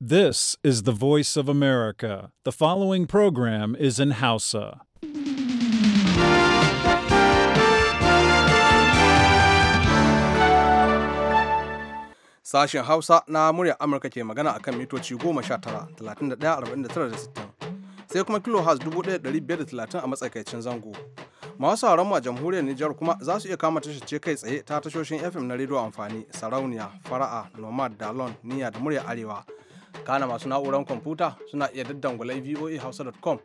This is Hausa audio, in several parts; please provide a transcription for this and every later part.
This is the voice of America. The following program is in Hausa. Sashen Hausa na murya Amurka ke magana akan mitoci 19, sai kuma kilohertz 1530 a matsakaicin zango. Masu sauran a jamhuriyar Nijar kuma za su iya kama tashar ce kai tsaye ta tashoshin FM na rediyo amfani, sarauniya, fara'a, nomad, dalon, niya da murya arewa. kana masu na'urar kwamfuta suna iya daddangula hausa.com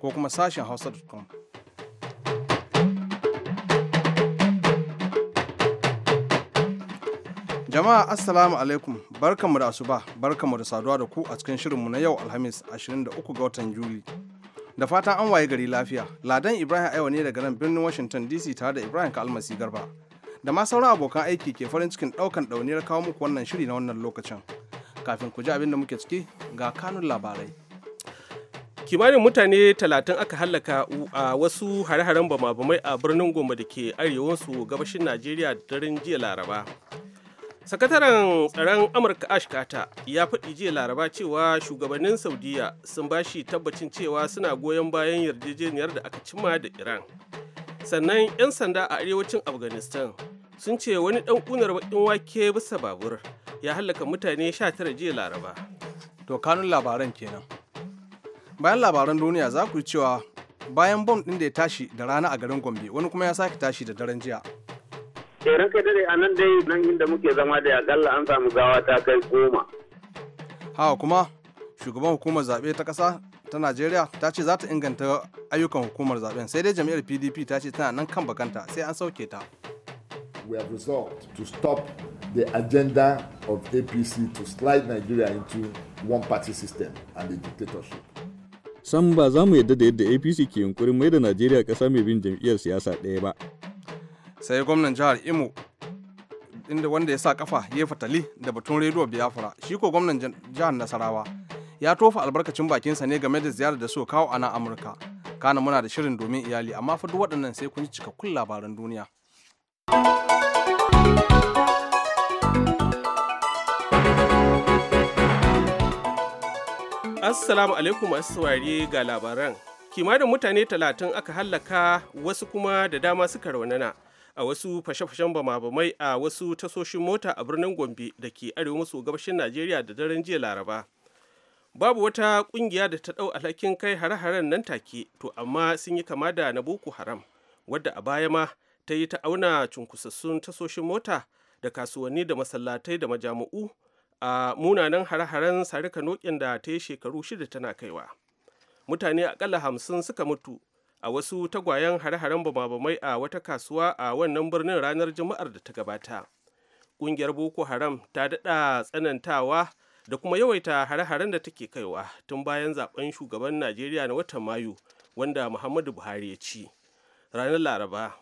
ko kuma sashen hausa.com jama'a assalamu alaikum barkanmu da asuba barkanmu da saduwa da ku a cikin shirinmu na yau alhamis 23 ga watan juli da fatan an waye gari lafiya ladan ibrahim aiwa ne daga nan birnin washington dc tare da ibrahim kalmasi garba da ma sauran abokan aiki ke farin cikin daukan dauniyar kawo muku wannan shiri na wannan lokacin kafin ku ji abin da muke ciki ga kanun labarai kimanin mutane talatin aka hallaka a wasu hare-haren bama-bamai a birnin goma da ke arewansu gabashin najeriya daren jiya laraba sakataren tsaron amurka ash ya faɗi jiya laraba cewa shugabannin saudiya sun bashi tabbacin cewa suna goyon bayan yarjejeniyar da aka cimma da iran sannan 'yan sanda a arewacin afghanistan sun ce wani dan kunar bakin wake bisa babur ya hallaka mutane 19 jiya laraba. To kanun labaran kenan. Bayan labaran duniya za ku cewa bayan bom ɗin da ya tashi da rana a garin Gombe wani kuma ya sake tashi da daren jiya. Tseren eh, kai dare a nan dai nan inda muke zama da an samu gawa ta kai Hawa kuma shugaban hukumar zaɓe ta ƙasa ta Najeriya ta ce za ta inganta ayyukan hukumar zaɓen sai dai jam'iyyar PDP ta ce tana nan kan bakanta sai an sauke ta. we have resolved to stop the agenda of APC to slide Nigeria into one party system and a dictatorship. Sam ba za mu yadda da yadda APC ke yunkurin mai da Najeriya ƙasa mai bin jam'iyyar siyasa ɗaya ba. Sai gwamnan jihar Imo inda wanda ya sa kafa ya fatali da batun rediyo Biafra shi ko gwamnan jihar Nasarawa ya tofa albarkacin bakinsa ne game da ziyarar da so kawo a nan Amurka. Kana muna da shirin domin iyali amma fa duk waɗannan sai kun ji cikakkun labaran duniya. Assalamu alaikum masu saurare ga labaran. Kimanin mutane talatin aka hallaka wasu kuma da dama suka raunana a wasu fashe-fashen bama-bamai a wasu tasoshin mota a birnin Gombe da ke arewa maso gabashin Najeriya da daren jiya Laraba. Babu wata kungiya da ta ɗau alhakin kai hare-haren nan take, to amma sun yi kama da na Boko Haram, wadda a baya ma ta yi ta auna cunkusassun tasoshin mota da kasuwanni da masallatai da majami'u a munanan hare-haren sarika nokin da ta yi shekaru shida tana kaiwa mutane akalla hamsin suka mutu a wasu tagwayen hare-haren bamabamai a wata kasuwa a wannan birnin ranar juma'ar da ta gabata ƙungiyar boko haram ta daɗa tsanantawa da kuma yawaita hare-haren da take kaiwa tun bayan zaben shugaban najeriya na watan mayu wanda muhammadu buhari ya ci ranar laraba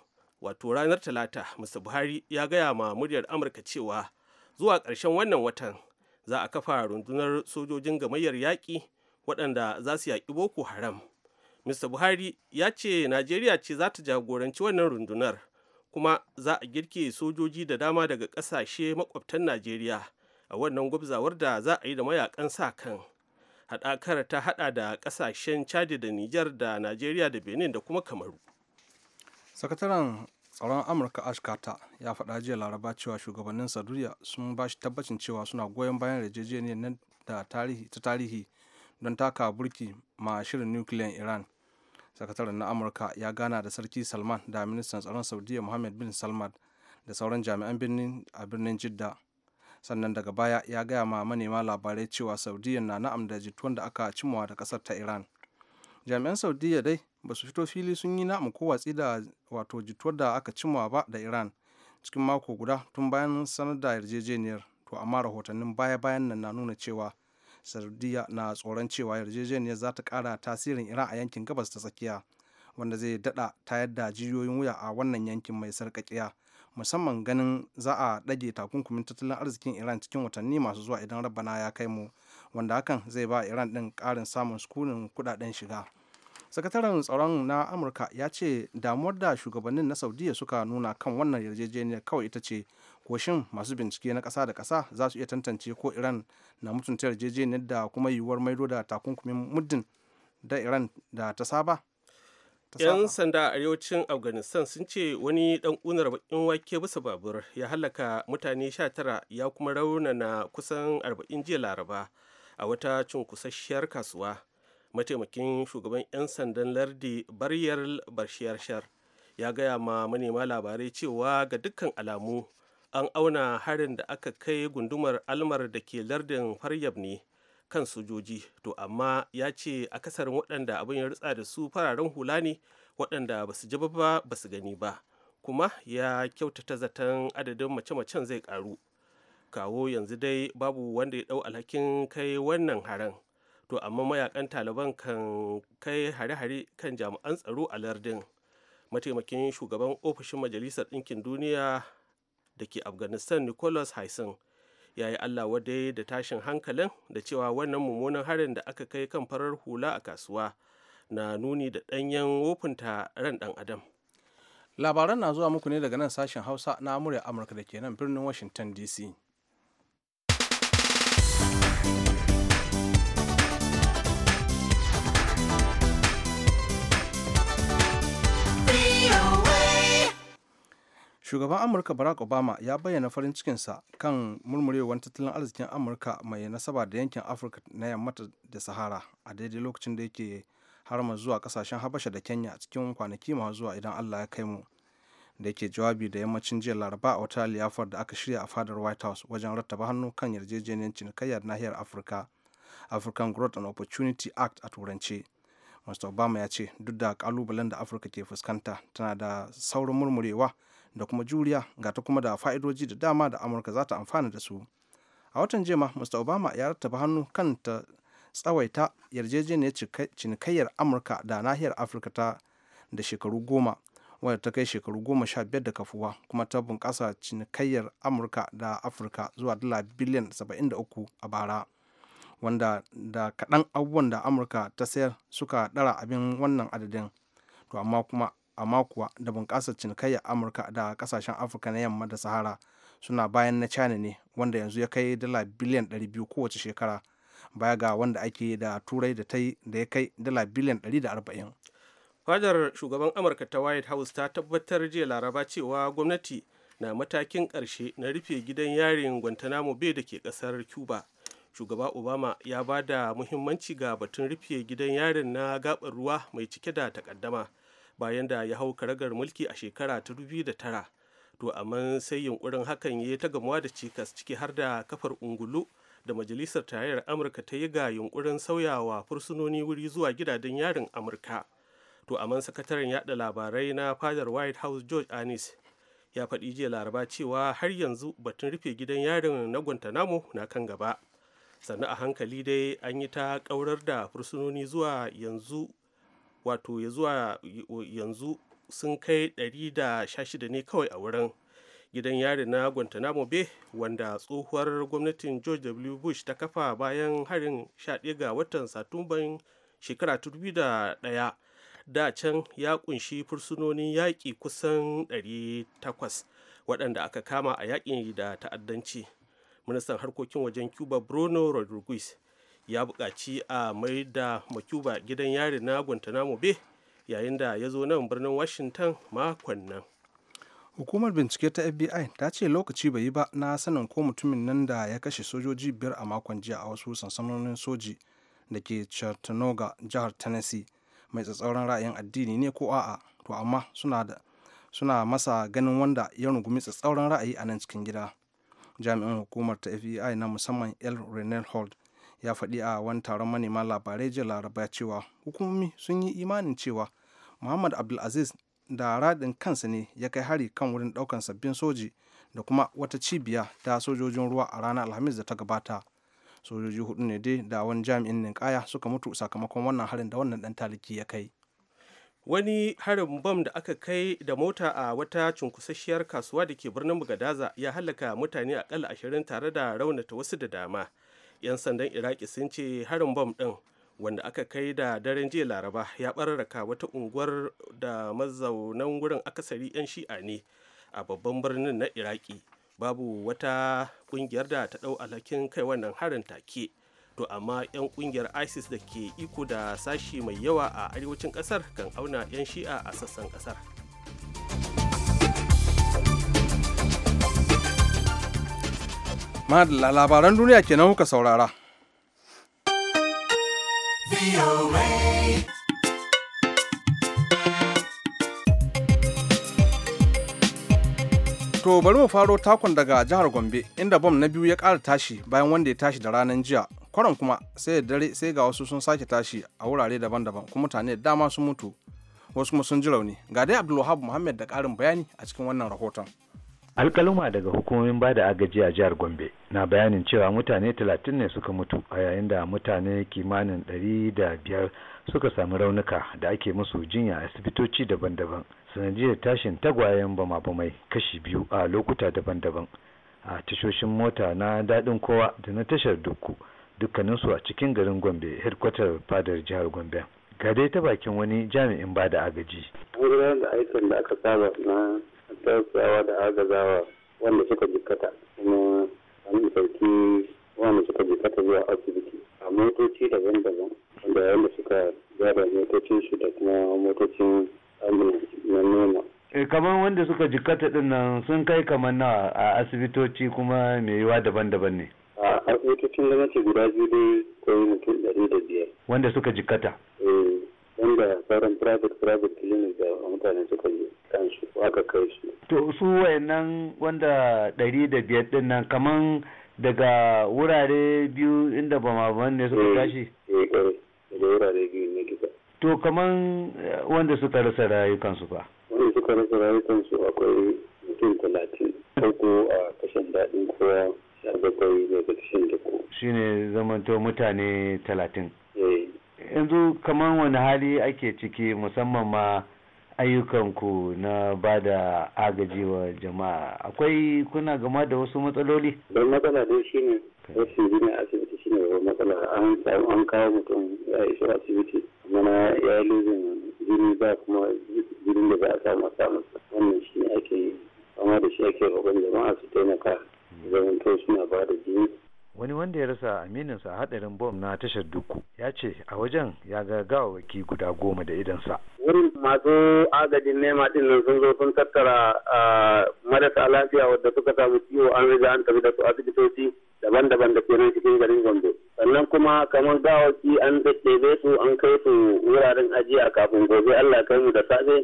wato ranar talata mr buhari ya gaya ma muryar amurka cewa zuwa ƙarshen wannan watan za a kafa rundunar sojojin gamayyar yaƙi waɗanda za su yaƙi boko haram mr buhari ya ce najeriya ce za ta jagoranci wannan rundunar kuma za a girke sojoji da dama daga ƙasashe makwabtan najeriya a wannan gwabzawar da za a yi da mayakan sa kan haɗakar ta haɗa da ƙasashen chad da niger da najeriya da benin da kuma kamaru sakataren tsaron amurka ash carter ya faɗa jiya laraba cewa shugabannin saduriya sun ba shi tabbacin cewa suna goyon bayan yarjejeniyar nan ta tarihi don taka burki ma shirin nukiliyan iran sakataren na amurka ya gana da sarki salman da ministan tsaron saudiya mohammed bin salman da sauran jami'an birnin a birnin jidda sannan daga baya ya gaya ma manema labarai cewa saudiya na na'am da jituwan da aka cimawa da kasar ta iran jami'an saudiya dai ba su fito fili sun yi na'am ko watsi da wato jituwar da aka cimma ba da iran cikin mako guda tun bayan sanar da yarjejeniyar to amma rahotannin baya-bayan nan na nuna cewa sardiya na tsoron cewa yarjejeniyar za ta kara tasirin iran a yankin gabas ta tsakiya wanda zai dada tayar da jijiyoyin wuya a wannan yankin mai sarkakiya musamman ganin za a ɗage takunkumin tattalin arzikin iran cikin watanni masu zuwa idan rabana ya kai mu wanda hakan zai ba iran din karin samun sukunin kuɗaɗen shiga sakataren tsaron na amurka ya ce damuwar da shugabannin na saudiya suka nuna kan wannan yarjejeniyar kawai ita ce ko shin masu bincike na kasa da kasa za su iya tantance ko iran na mutunta yarjejeniyar da kuma yiwuwar maido da takunkumin muddin da iran da ta saba 'yan sanda a arewacin afghanistan sun ce wani dan kunar bakin wake bisa babur ya halaka mutane 19 ya kuma raunana kusan arba'in jiya laraba a wata cunkusasshiyar kasuwa mataimakin shugaban 'yan sandan lardi baryar barshiyar ya gaya ma manema labarai cewa ga dukkan alamu an auna harin da aka kai gundumar almar da ke lardin faryab ne kan sojoji to amma ya ce akasarin waɗanda abin ya rutsa da su fararen hula ne waɗanda ba su ji ba ba su gani ba kuma ya kyautata zaton adadin mace-macen zai karu kawo yanzu dai babu wanda ya ɗau alhakin kai wannan haran to amma mayakan taliban kan kai hare-hare kan jami'an tsaro a lardin mataimakin shugaban ofishin majalisar ɗinkin duniya da ke afghanistan nicholas haisin ya yi allah wadai da tashin hankalin da cewa wannan mummunan harin da aka kai kan farar hula a kasuwa na nuni da ɗanyen wofinta ran ɗan adam labaran na zuwa muku ne daga nan sashen hausa na amurya amurka da ke nan birnin washington dc shugaban amurka barack obama ya bayyana farin cikinsa kan murmurewar tattalin arzikin amurka mai nasaba da yankin afirka na yammata da sahara a daidai lokacin da yake harma zuwa kasashen habasha da kenya cikin kwanaki masu zuwa idan allah ya kai mu da yake jawabi da yammacin jiya laraba a wata liyafar da aka shirya a fadar white house wajen rattaba hannu kan yarjejeniyar cinikayyar nahiyar afirka african growth and opportunity act a turance mr obama ya ce duk da kalubalen da afirka ke fuskanta tana da saurin murmurewa da kuma juriya ga ta kuma da fa'idoji da dama da amurka za ta amfana da su a watan jema mr obama ya rattaba hannu kan ta tsawaita yarjejeniyar cinikayyar amurka da nahiyar afirka ta da shekaru goma wadda ta kai shekaru goma sha biyar da kafuwa kuma ta bunkasa cinikayyar amurka da afirka zuwa dala biliyan da uku a bara wanda da kaɗan abubuwan da amurka ta sayar suka ɗara abin wannan adadin to amma kuma amma kuwa da bunƙasar cinikayyar amurka da kasashen afirka na yamma da sahara suna bayan na china ne wanda yanzu ya kai dala biliyan 200 kowace shekara baya ga wanda ake da turai da ta da ya kai dala biliyan 140 fadar shugaban amurka ta white house ta tabbatar jiya laraba cewa gwamnati na matakin karshe na rufe gidan yarin guantanamo bay da ke ƙasar cuba shugaba obama ya ba da muhimmanci ga batun rufe gidan yarin na gabar ruwa mai cike da takaddama bayan da ya hau karagar mulki a shekara ta da tara. to amma sai yunkurin hakan ya yi ta gamuwa da cikas ciki har da kafar ungulu da majalisar tarayyar amurka ta yi ga yunkurin sauyawa fursunoni wuri zuwa gidajen yarin amurka to amma sakataren yaɗa labarai na fadar white house george anis ya faɗi jiya laraba cewa har yanzu batun rufe gidan yarin na guantanamo na kan gaba sannan a hankali dai an yi ta kaurar da fursunoni zuwa yanzu wato ya zuwa yanzu sun kai 116 ne kawai a wurin gidan yari na guantanamo bay wanda tsohuwar gwamnatin george w bush ta kafa bayan harin 11 ga watan satumban shekara 2001 da can ya kunshi fursunonin yaƙi kusan 800 waɗanda aka kama a yaƙin da ta'addanci ministan harkokin wajen cuba bruno rodriguez ya buƙaci a mai da makuba gidan yari na guantanamo bay yayin da ya zo nan birnin washington makon nan hukumar bincike ta fbi ta ce lokaci bai yi ba na sanin ko mutumin nan da ya kashe sojoji biyar a makon jiya a wasu sansanonin soji da ke chattanooga jihar tennessee mai tsatsauran ra'ayin addini ne ko a'a to amma suna da suna masa ganin wanda ya rungumi tsatsauran ra'ayi a nan cikin gida jami'in hukumar ta fbi na musamman l renel hold ya faɗi a wani taron manema labarai jiya laraba cewa hukumomi sun yi imanin cewa muhammad abdulaziz da raɗin kansa ne ya kai hari kan wurin ɗaukan sabbin soji da kuma wata cibiya ta sojojin ruwa a ranar alhamis da ta gabata sojoji hudu ne dai da wani jami'in ninkaya suka mutu sakamakon wannan harin da wannan dan taliki ya kai wani harin bam da aka kai da mota a wata cunkusasshiyar kasuwa da ke birnin bugadaza ya halaka mutane akalla ashirin tare da raunata wasu da dama 'yan sandan iraki sun ce harin bom ɗin wanda aka kai da daren jiya laraba ya bararraka wata unguwar da mazaunan wurin akasari 'yan shi'a ne a babban birnin na iraki babu wata kungiyar da ta ɗau alhakin kai wannan harin take to amma 'yan kungiyar isis da ke iko da sashi mai yawa a arewacin kasar kan auna 'yan shi'a a sassan kasar. ma labaran duniya kenan kuka saurara To bari mu faro takon daga jihar Gombe inda bom na biyu ya ƙara tashi bayan wanda ya tashi da ranar jiya. Kwaron kuma sai da dare sai ga wasu sun sake tashi a wurare daban-daban kuma mutane da dama sun mutu wasu kuma sun ji rauni. Ga dai Abdulwahab Muhammad da ƙarin bayani a cikin wannan rahoton. alkaluma daga hukumomin bada agaji a jihar gombe na bayanin cewa mutane 30 ne suka mutu a yayin da mutane kimanin 500 suka sami raunuka da ake musu jinya a asibitoci daban-daban sanadiyar tashin tagwayen bama-bamai kashi biyu a lokuta daban-daban a tashoshin mota na daɗin kowa da na tashar dukku dukkaninsu a cikin garin gombe hedkwatar fadar jihar gombe ga dai ta bakin wani jami'in bada agaji wurin da aikin da aka saba na tsayawa da agazawa wanda suka jikkata kuma an ɗauki wanda suka jikkata zuwa asibiti a motoci daban-daban wanda wanda suka gyara motocin shi da kuma motocin ambulance na nuna eh, kamar wanda suka jikkata din nan sun kai kamar na a asibitoci kuma mai yiwa daban-daban ne a asibitocin gwamnati guda biyu dai koyi mutum ɗari da biyar wanda suka jikkata eh wanda sauran private private clinic da mutane suka yi kansu aka kai su to su wayannan wanda ɗari da biyar din nan kaman daga wurare biyu inda ba ne suka eh, tashi eh, eh, da wurare biyu ne duka to kaman wanda suka rasa rayukansu ba wanda suka rasa rayukansu akwai mutum talatin farko a kashin daɗin kowa sha bakwai daga tashin da ko ne zamanto mutane talatin yanzu kaman wani hali ake ciki musamman ma ayyukanku na ba da agaji wa jama'a akwai kuna gama da wasu matsaloli? don matsala dai shi ne wasu jini asibiti shi ne babban matsala an samu an kawo mutum ya iso asibiti mana ya yi lozin jini ba kuma jini da za a samu a samu wannan shi ne ake yi amma da shi ake roƙon jama'a su taimaka to suna ba da jini wani wanda ya rasa amininsa sa hadarin bom na tashar duku ya ce a wajen ya ga gawawaki guda goma da idansa wurin masu agajin nema din nan sun zo sun tattara marasa lafiya wadda suka samu ciwo an riga an tafi da su asibitoci daban-daban da kenan cikin garin Gombe. Sannan kuma kamar gawaki an daddebe su an kai su wuraren ajiya kafin gobe Allah kai mu da safe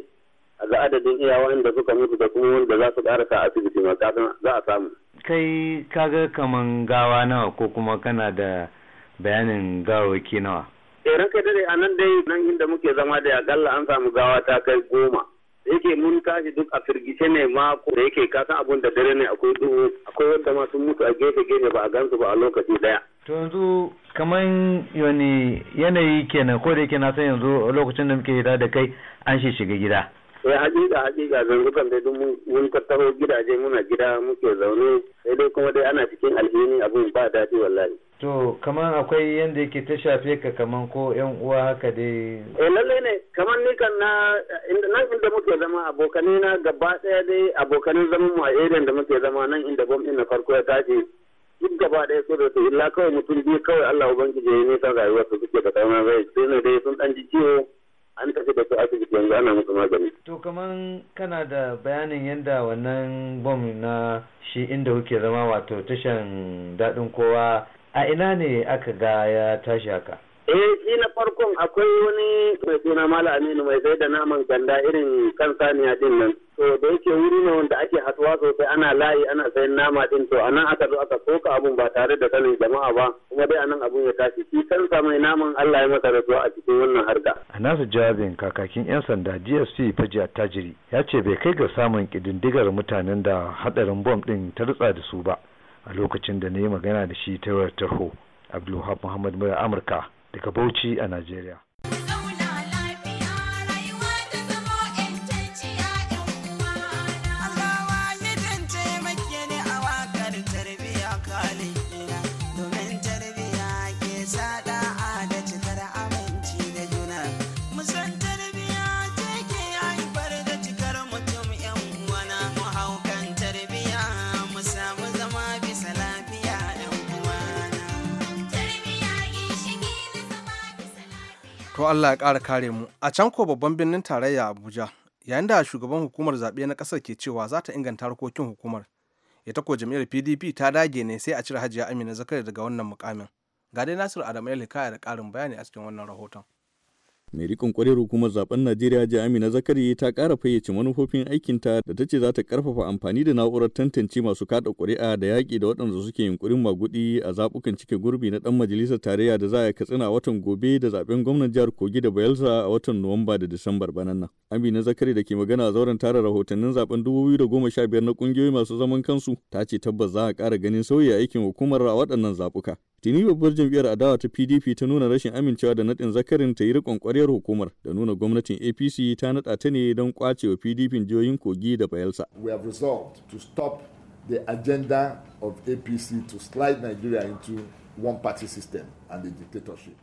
a ga adadin iyawan da suka mutu da kuma wanda za su karasa asibiti ma za a samu. Kai kaga kaman gawa nawa ko kuma kana da bayanin gawaki nawa? tseren eh, kai dare a nan dai nan inda muke zama da akalla an samu gawa ta kai goma yake mun kashi duk a firgice ne ma ko da yake kasan abun da dare ne akwai duhu akwai wanda ma sun mutu a gefe gefe ba a gansu ba a lokaci daya to yanzu kaman yoni yanayi kenan ko da yake na san yanzu lokacin da muke hita da kai an shi shiga gida sai eh, hakika hakika zan kan dai duk mun tattaro gidaje muna gida muke zaune sai dai kuma dai ana cikin alheri abun ba daɗi wallahi to kamar akwai yadda yake ta shafe ka kamar ko yan uwa haka dai eh lallai ne kamar ni kan na inda nan inda muke zama abokanai na gaba daya dai abokanin zaman mu a area da muke zama nan inda gwamnati na farko ya tashi duk gaba daya su da su illa kawai mutum biyu kawai Allah ubangiji ya yi nisan rayuwar su suke da kauna zai sai ne dai sun dan ji ciwo an tafi da su asibiti yanzu ana musu magani. To kamar kana da bayanin yadda wannan bom na shi inda kuke zama wato tashan daɗin kowa a ina ne aka ga ya tashi haka eh shi na farkon akwai wani mai suna mala aminu mai zai da naman ganda irin kan saniya din nan to da yake wuri ne wanda ake hatuwa sosai ana layi ana sayan nama din to anan aka zo aka soka abun ba tare da sanin jama'a ba kuma dai anan abun ya tashi shi kansa mai naman Allah ya masa rasuwa a cikin wannan harka a nasu jawabin kakakin yan sanda GSC Faji Attajiri ya ce bai kai ga samun kididdigar mutanen da hadarin bom din ta rutsa da su ba a lokacin da na yi magana da shi ta tarho abdulhab muhammad mura amurka daga bauchi a najeriya To Allah ya ƙara kare mu. A can ko babban birnin tarayya Abuja, yayin da shugaban hukumar zaɓe na ƙasar ke cewa za ta inganta harkokin hukumar. Ita ko jam'iyyar PDP ta dage ne sai a cire Hajiya Amina Zakari daga wannan mukamin. Ga dai Nasiru Adamu ya da ƙarin bayani a cikin wannan rahoton. mai rikon kwarar hukumar zaben najeriya Amina zakari ta kara fayyace manufofin aikinta da ta ce za ta karfafa amfani da na'urar tantance masu kada kuri'a da yaƙi da waɗanda suke yunkurin magudi a zaɓukan cike gurbi na ɗan majalisar tarayya da za a katsina a watan gobe da zaben gwamnan jihar kogi da bayelsa a watan nuwamba da disambar banan nan amina zakari da ke magana a zauren tara rahotannin zaben da sha biyar na ƙungiyoyi masu zaman kansu ta ce tabbas za a ƙara ganin sauyi aikin hukumar a waɗannan zaɓuka Tuni babbar jam'iyyar adawa ta PDP ta nuna rashin amincewa da nadin zakarin ta yi rikon kwaryar hukumar da nuna gwamnatin APC ta nada ta ne don kwace wa PDP jihohin Kogi da Bayelsa. We have resolved to stop the agenda of APC to slide Nigeria into one party system and a dictatorship.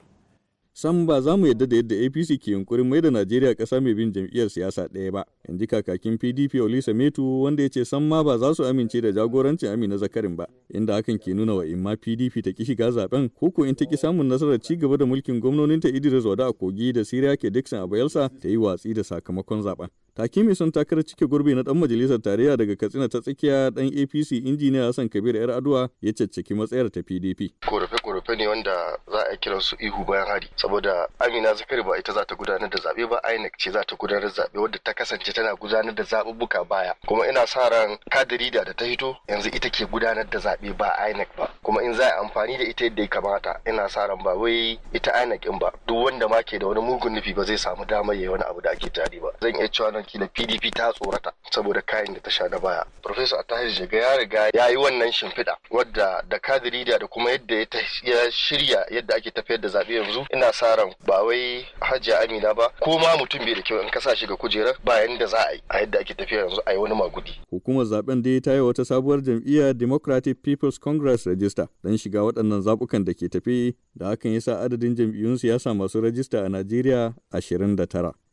san ba za mu yadda da yadda apc ke yunkurin mai da najeriya ƙasa mai bin jam'iyyar siyasa ɗaya ba in ji kakakin pdp olisa metu wanda ya ce san ma ba za su amince da jagorancin amina zakarin ba inda hakan ke nuna wa imma pdp ta ki shiga zaben ko ko in ta ki samun nasarar ci gaba da mulkin ta idris wada a kogi da siriya ke dixon a bayelsa ta yi watsi da sakamakon zaben Hakimi sun takarar cike gurbi na dan majalisar tarayya daga Katsina ta tsakiya dan APC injiniya Hassan Kabir yar aduwa ya cecceki matsayar ta PDP. Korafe-korafe ne wanda za a kiran su ihu bayan hari saboda Amina Zakari ba ita za ta gudanar da zabe ba INEC ce za ta gudanar da zabe wadda ta kasance tana gudanar da zaɓuɓɓuka baya kuma ina sa ran kadirida da ta hito yanzu ita ke gudanar da zabe ba INEC ba kuma in za a amfani da ita yadda ya kamata ina sa ran ba wai ita INEC ba duk wanda ma ke da wani mugun nufi ba zai samu damar yayi wani abu da ake tari ba zan iya cewa nan kila pdp ta tsorata saboda kayan da ta sha da baya professor atahir jaga ya riga ya yi wannan shimfiɗa wadda da kadiri da kuma yadda ya shirya yadda ake tafiyar da zaɓe yanzu ina sa ran ba wai hajiya amina ba ko ma mutum bai da kyau in ka sa shi ga kujerar bayan da za a yi a yadda ake tafiya yanzu a yi wani magudi hukumar zaben dai ta yi wata sabuwar jam'iyya democratic people's congress register don shiga waɗannan zabukan da ke tafi da hakan sa adadin jam'iyyun siyasa masu rajista a najeriya 29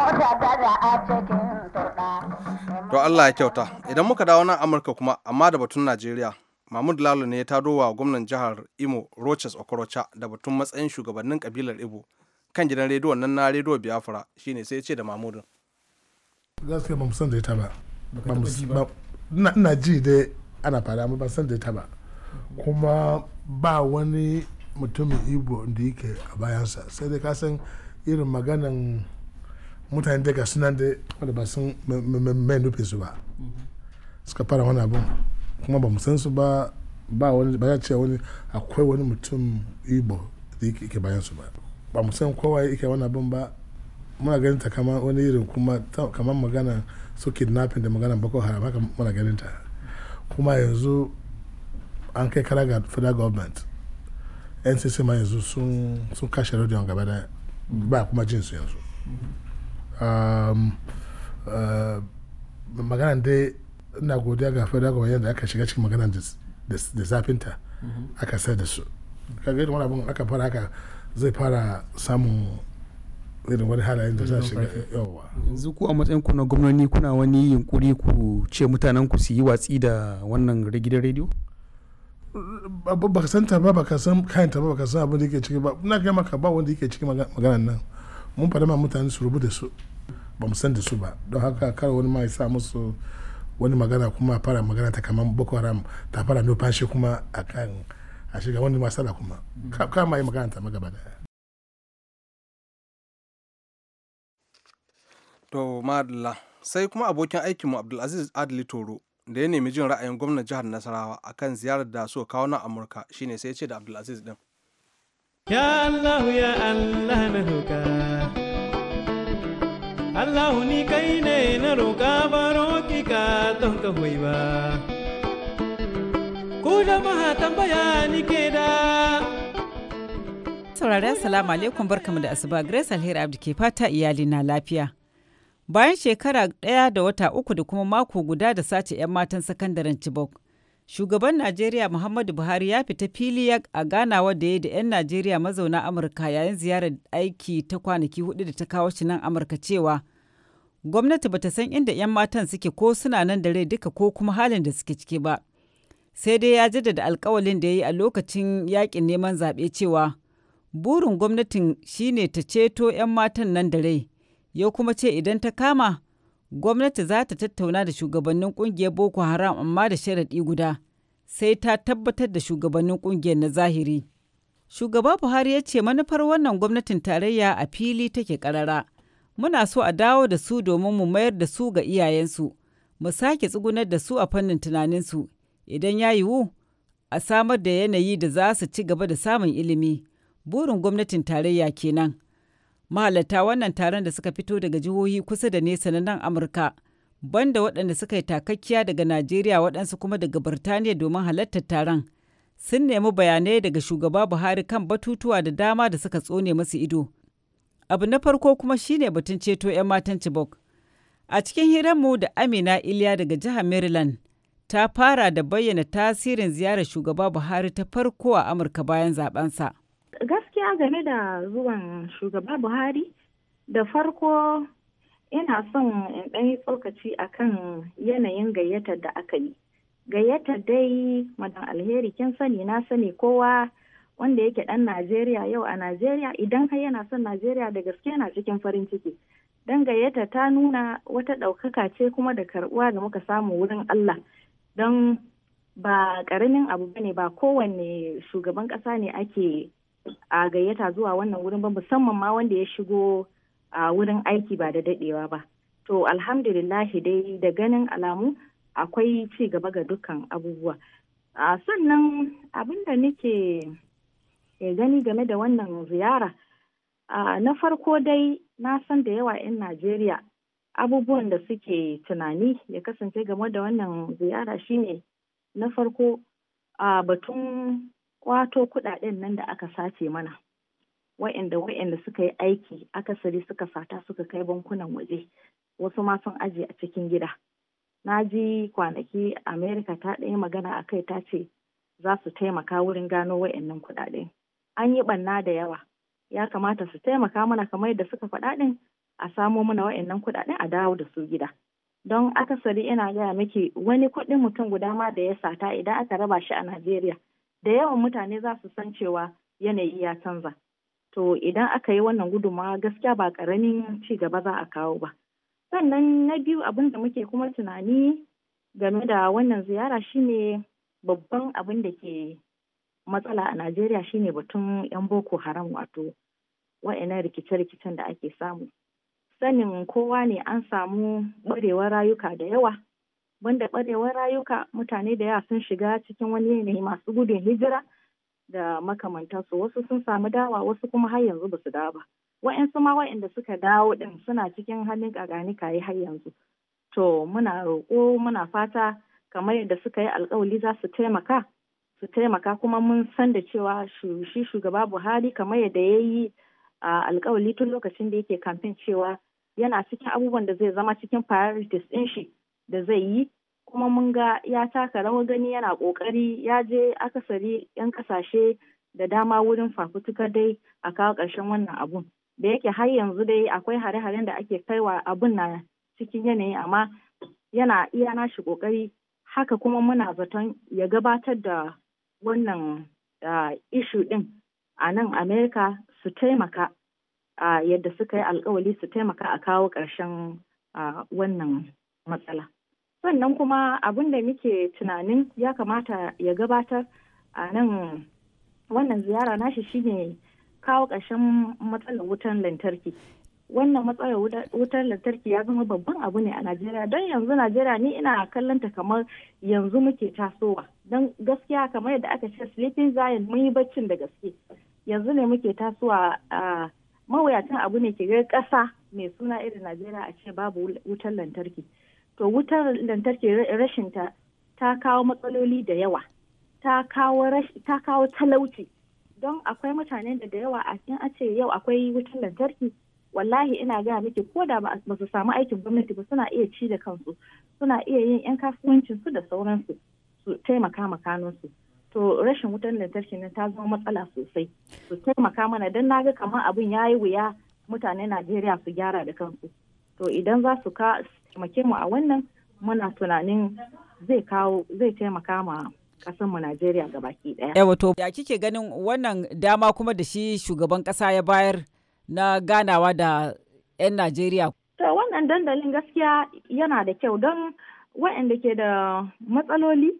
a cikin To Allah ya kyauta, idan muka dawo nan Amurka kuma amma da batun Najeriya. Mahmud Lalo ne ya tado wa gwamnan jihar Imo Rochas Okorocha da batun matsayin shugabannin kabilar Ibo kan gidan rediyon nan na rediyo Biafra shine sai ya ce da Mahmudin. Gaskiya ba mu san da ita ba. Ina ji da ana fara amma ba san da ita ba. Kuma ba wani mutumin Igbo da yake a bayansa sai dai ka san irin maganan mutane ga suna da wadda ba sun mai nufe su ba suka fara wani abin kuma ba san su ba ba wani ba ya ce wani akwai wani mutum igbo da yake bayan su ba ba mu san kowa yake wani abin ba muna ganin ta kama wani irin kuma kamar magana su kidnapping da magana boko haram haka muna ganin ta kuma yanzu an kai kara ga federal government ncc ma yanzu sun kashe rodion gaba da ba kuma jinsu yanzu Eh, magana dai ina godiya ga federal government da aka shiga cikin magana da zafinta mm-hmm. aka sai da su kaga irin wani abin aka fara haka zai fara samun irin wani halayen da za shiga yawa yanzu ku a matsayin ku na gwamnati kuna wani yunkuri ku ce mutanen ku su yi watsi da wannan gidan rediyo ba ka san ta ba ka san kayanta ba ka san abin da yake ciki ba ina ga maka ba wanda yake ciki magana nan mun faɗa ma mutane su rubuta su ba mu san da su ba don haka kar wani ma ya sa musu wani magana kuma a fara magana ta kamar boko haram ta fara numfashi kuma a kan a shiga wani masala kuma ma yi magana ta magaba daya to madalla sai kuma abokin aikinmu abdulaziz adli toro da ya nemi jin ra'ayin gwamnan jihar nasarawa akan ziyarar da so kawo na amurka shine sai ya ce da abdulaziz din ya allah ya allah na hukar. Allah ni kai ne na roka baro ki ka don ka hoyi ba. Ku jama'a tambaya ke da. Assalamu alaikum barkamu da asuba Grace Alheri Abdi ke fata iyali na lafiya. Bayan shekara ɗaya da wata uku da kuma mako guda da sace 'yan matan sakandaren Chibok. shugaban Najeriya Muhammadu Buhari ya fita fili a ganawa da ya da 'yan Najeriya mazauna Amurka yayin ziyarar aiki ta kwanaki hudu da ta kawo shi nan Amurka cewa gwamnati ba ta san inda 'yan matan suke ko suna nan da rai duka ko kuma halin da suke ciki ba. Sai dai ya jaddada alkawalin da ya yi a lokacin yakin neman zaɓe cewa burin gwamnatin shine ta ceto 'yan matan nan da rai, ya kuma ce idan ta kama gwamnati za ta tattauna da shugabannin kungiyar boko haram amma da sharaɗi guda sai ta tabbatar da shugabannin kungiyar na zahiri shugaba buhari ya ce manufar wannan gwamnatin tarayya a fili take karara muna so a dawo da su domin mu mayar da su ga iyayensu mu sake tsugunar da su a fannin tunaninsu idan ya yiwu a samar da yanayi da za su ci gaba da samun ilimi burin gwamnatin tarayya kenan. mahalarta wannan taron da suka fito daga jihohi kusa da nesa na nan amurka banda waɗanda suka yi takakkiya daga najeriya waɗansu kuma daga birtaniya domin halartar taron sun nemi bayanai daga shugaba buhari kan batutuwa da dama da suka tsone masu ido abu na farko kuma shine batun ceto 'yan matan chibok a cikin hiranmu da amina iliya daga jihar maryland ta fara da bayyana tasirin ziyarar shugaba buhari ta farko a amurka bayan zabensa gaskiya game da zuwan shugaba buhari da farko ina son in ɗan yi tsokaci a kan yanayin gayyatar da aka yi gayyatar dai madan alheri kin sani na sani kowa wanda yake ɗan najeriya yau a najeriya idan har yana son najeriya da gaske yana cikin farin ciki don gayyata ta nuna wata ɗaukaka ce kuma da karɓuwa da muka samu wurin allah don ba ƙaramin abu ba ne ba kowanne shugaban ƙasa ne ake a gayyata zuwa wannan wurin ba musamman ma wanda ya shigo a wurin aiki ba da dadewa ba to alhamdulillahi dai da ganin alamu akwai ci gaba ga dukkan abubuwa a sannan da nake eh, gani game da wannan ziyara na farko dai na san da yawa 'yan najeriya abubuwan da suke tunani ya kasance game da wannan ziyara shine na farko a batun kwato kudaden nan da aka sace mana wa'inda wa'inda suka yi aiki akasari suka sata suka kai bankunan waje wasu ma sun aje a cikin gida na ji kwanaki america ta ɗaya magana a kai ta ce za su taimaka wurin gano wa'annan kuɗaɗe an yi ɓanna da yawa ya kamata su taimaka mana kamar yadda suka faɗa ɗin a samo mana wa'annan kuɗaɗen a dawo da su gida don akasari ina gaya miki wani kuɗin mutum guda ma da ya sata idan aka raba shi a najeriya da yawan mutane za su san cewa yanayi ya canza. To idan aka yi wannan gudunmawa gaskiya ba ƙaramin ci gaba za a kawo ba. Sannan na biyu abin da muke kuma tunani game da wannan ziyara shine babban abin da ke matsala a Najeriya shine batun 'yan Boko Haram wato wa'yanan rikice-rikicen da ake samu. Sanin kowa ne an samu ɓarewar rayuka da yawa banda barewar rayuka mutane da yawa sun shiga cikin wani yanayi masu gudun hijira da makamantansu wasu sun samu dawa wasu kuma har yanzu ba su dawo ba wa'yansu ma wa'yanda suka dawo din suna cikin halin kagani yi har yanzu to muna roƙo muna fata kamar yadda suka yi alkawali za su taimaka su taimaka kuma mun san da cewa shi shugaba buhari kamar yadda ya yi alkawali tun lokacin da yake kamfen cewa yana cikin abubuwan da zai zama cikin priorities ɗin shi da zai yi kuma mun ga ya taka rawar gani yana kokari ya je akasari 'yan kasashe da dama wurin fafutuka dai a kawo ƙarshen wannan abun da yake har yanzu dai akwai hare-haren da ake kaiwa abun na cikin yanayi amma yana iya nashi kokari haka kuma muna zaton ya gabatar da wannan uh, ah, ishu din a nan amerika su taimaka uh, yadda suka yi alkawali su taimaka a kawo ƙarshen uh, wannan matsala sannan kuma abin da muke tunanin ya kamata ya gabatar a nan wannan ziyara nashi shine kawo ƙarshen matsalar wutar lantarki wannan matsalar wutar lantarki ya zama babban abu ne a najeriya don yanzu najeriya ni ina kallon ta kamar yanzu muke tasowa don gaskiya kamar yadda aka ce sleeping giant mun yi baccin da gaske yanzu ne muke tasowa a mawuyacin abu ne ke ƙasa mai suna irin najeriya a ce babu wutar lantarki to wutar lantarki rashin ta ta kawo matsaloli da yawa ta kawo talauci don akwai mutanen da da yawa a cikin a ce yau akwai wutar lantarki wallahi ina ga miki ko da ba su samu aikin gwamnati ba suna iya ci da kansu suna iya yin yan kasuwancin su da sauransu su taimaka ma to rashin wutar lantarki na ta zama matsala sosai su taimaka mana don ga kamar abin yi wuya mutanen Najeriya su gyara da kansu to idan za su ka taimake mu a wannan muna tunanin zai kawo zai taimaka ma kasanmu Najeriya ga baki daya. Yawa to ya kike ganin wannan dama kuma da shi shugaban kasa ya bayar na ganawa da 'yan Najeriya. To wannan dandalin gaskiya yana da kyau don waɗanda ke da matsaloli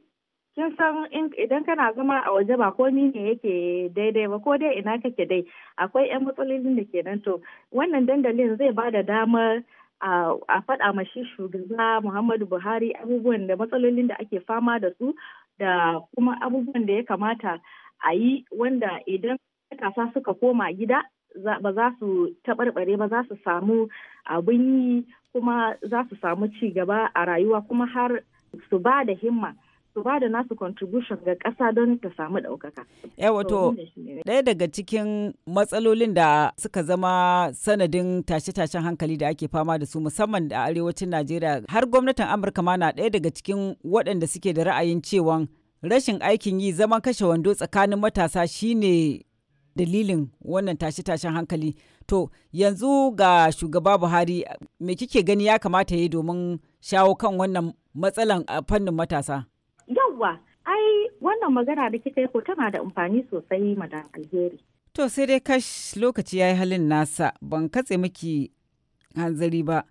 kin san idan kana zama a waje ba ko ni ne yake daidai ba ko dai ina kake dai akwai 'yan matsalolin da ke nan to wannan dandalin zai ba da damar a faɗa ma shi shugaba Muhammadu Buhari abubuwan da matsalolin da ake fama da su da kuma abubuwan da ya kamata a yi wanda idan matasa suka koma gida ba za su taɓarɓare ba za su samu abin yi kuma za su samu ci gaba a rayuwa kuma har su ba da himma. su ba da nasu contribution ga ƙasa don ta samu ɗaukaka. Eh, wato ɗaya daga cikin matsalolin da suka zama sanadin tashe-tashen hankali da ake fama da su musamman da arewacin Najeriya har gwamnatin Amurka ma na ɗaya daga cikin waɗanda suke da ra'ayin cewa rashin aikin yi zaman kashe wando tsakanin matasa shine dalilin wannan tashe-tashen hankali. To yanzu ga shugaba Buhari me kike gani ya kamata ya yi domin shawo kan wannan matsalan a fannin matasa? yawa ai wannan magana da kika yi ko tana da amfani sosai madan alheri. To sai dai kash lokaci ya yi halin nasa ban katse miki hanzari ba.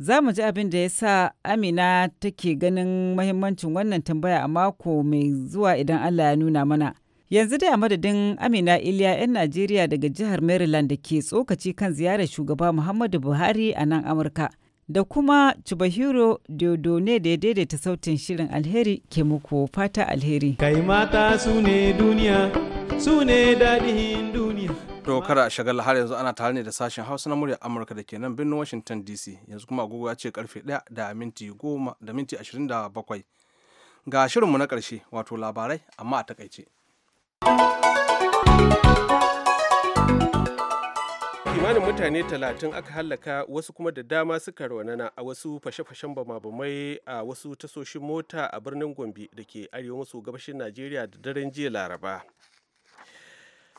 Za mu ji abin da ya sa Amina take ganin mahimmancin wannan tambaya a mako mai zuwa idan Allah ya nuna mana. Yanzu dai a madadin Amina Iliya 'yan Najeriya daga jihar Maryland da ke tsokaci kan ziyarar shugaba Muhammadu Buhari a nan Amurka. da kuma Chubahiro ne da ya daidaita sautin shirin alheri ke muku fata alheri. Kai mata su ne duniya, su ne daɗin duniya. To kada a shagala har yanzu ana tare ne da sashen Hausa na muryar Amurka da ke nan birnin Washington DC. Yanzu kuma agogo ya ce karfe 1 da minti 10 da minti 27. Ga shirinmu na karshe wato labarai amma a takaice. kimanin mutane talatin aka hallaka wasu kuma da dama suka raunana a wasu fashe-fashen bamai a wasu tasoshin mota a birnin gombe da ke arewa maso gabashin najeriya da daren jiya laraba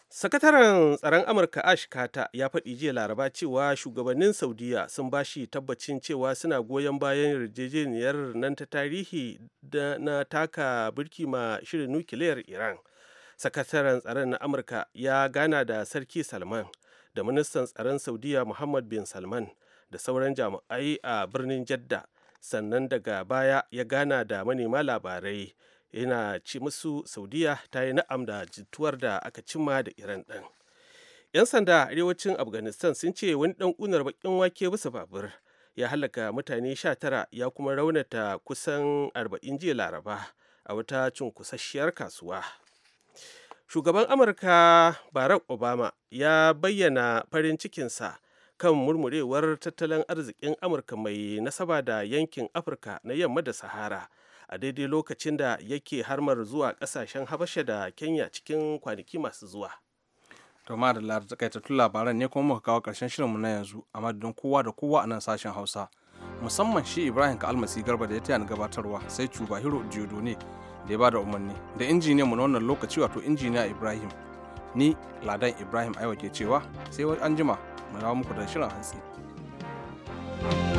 sakataren tsaron amurka ash kata ya faɗi jiya laraba cewa shugabannin saudiya sun ba shi tabbacin cewa suna goyon bayan yarjejeniyar nan ta tarihi na taka birki ma shirin nukiliyar iran sakataren tsaron na amurka ya gana da sarki salman da ministan tsaron saudiya muhammad bin salman da sauran jami'ai a birnin jadda sannan daga baya ya gana da manema labarai yana ci musu saudiya ta yi na'am da jituwar da aka cimma da iran ɗin yan sanda arewacin afghanistan sun ce wani ɗan ƙunar bakin wake bisa babur ya halaka mutane sha tara ya kuma raunata kusan arba'in jiya laraba a wata cunkusasshiyar kasuwa shugaban amurka barack obama ya bayyana farin cikinsa kan murmurewar tattalin arzikin amurka mai nasaba da yankin afirka na yamma da sahara a daidai lokacin da yake harmar zuwa kasashen habasha da kenya cikin kwanaki masu zuwa to ma da takaitattun labaran ne kuma muka kawo karshen shirinmu na yanzu a madadin kowa da kowa a nan sashen hausa musamman shi ibrahim ka almasi garba da ya taya ni gabatarwa sai cuba hiro ne da ya ba da umarni da injiniyan mu na wannan lokaci wato injiniya ibrahim ni ladan ibrahim aiwa ke cewa sai wani anjima mu dawo muku da shirin hantsi. thank you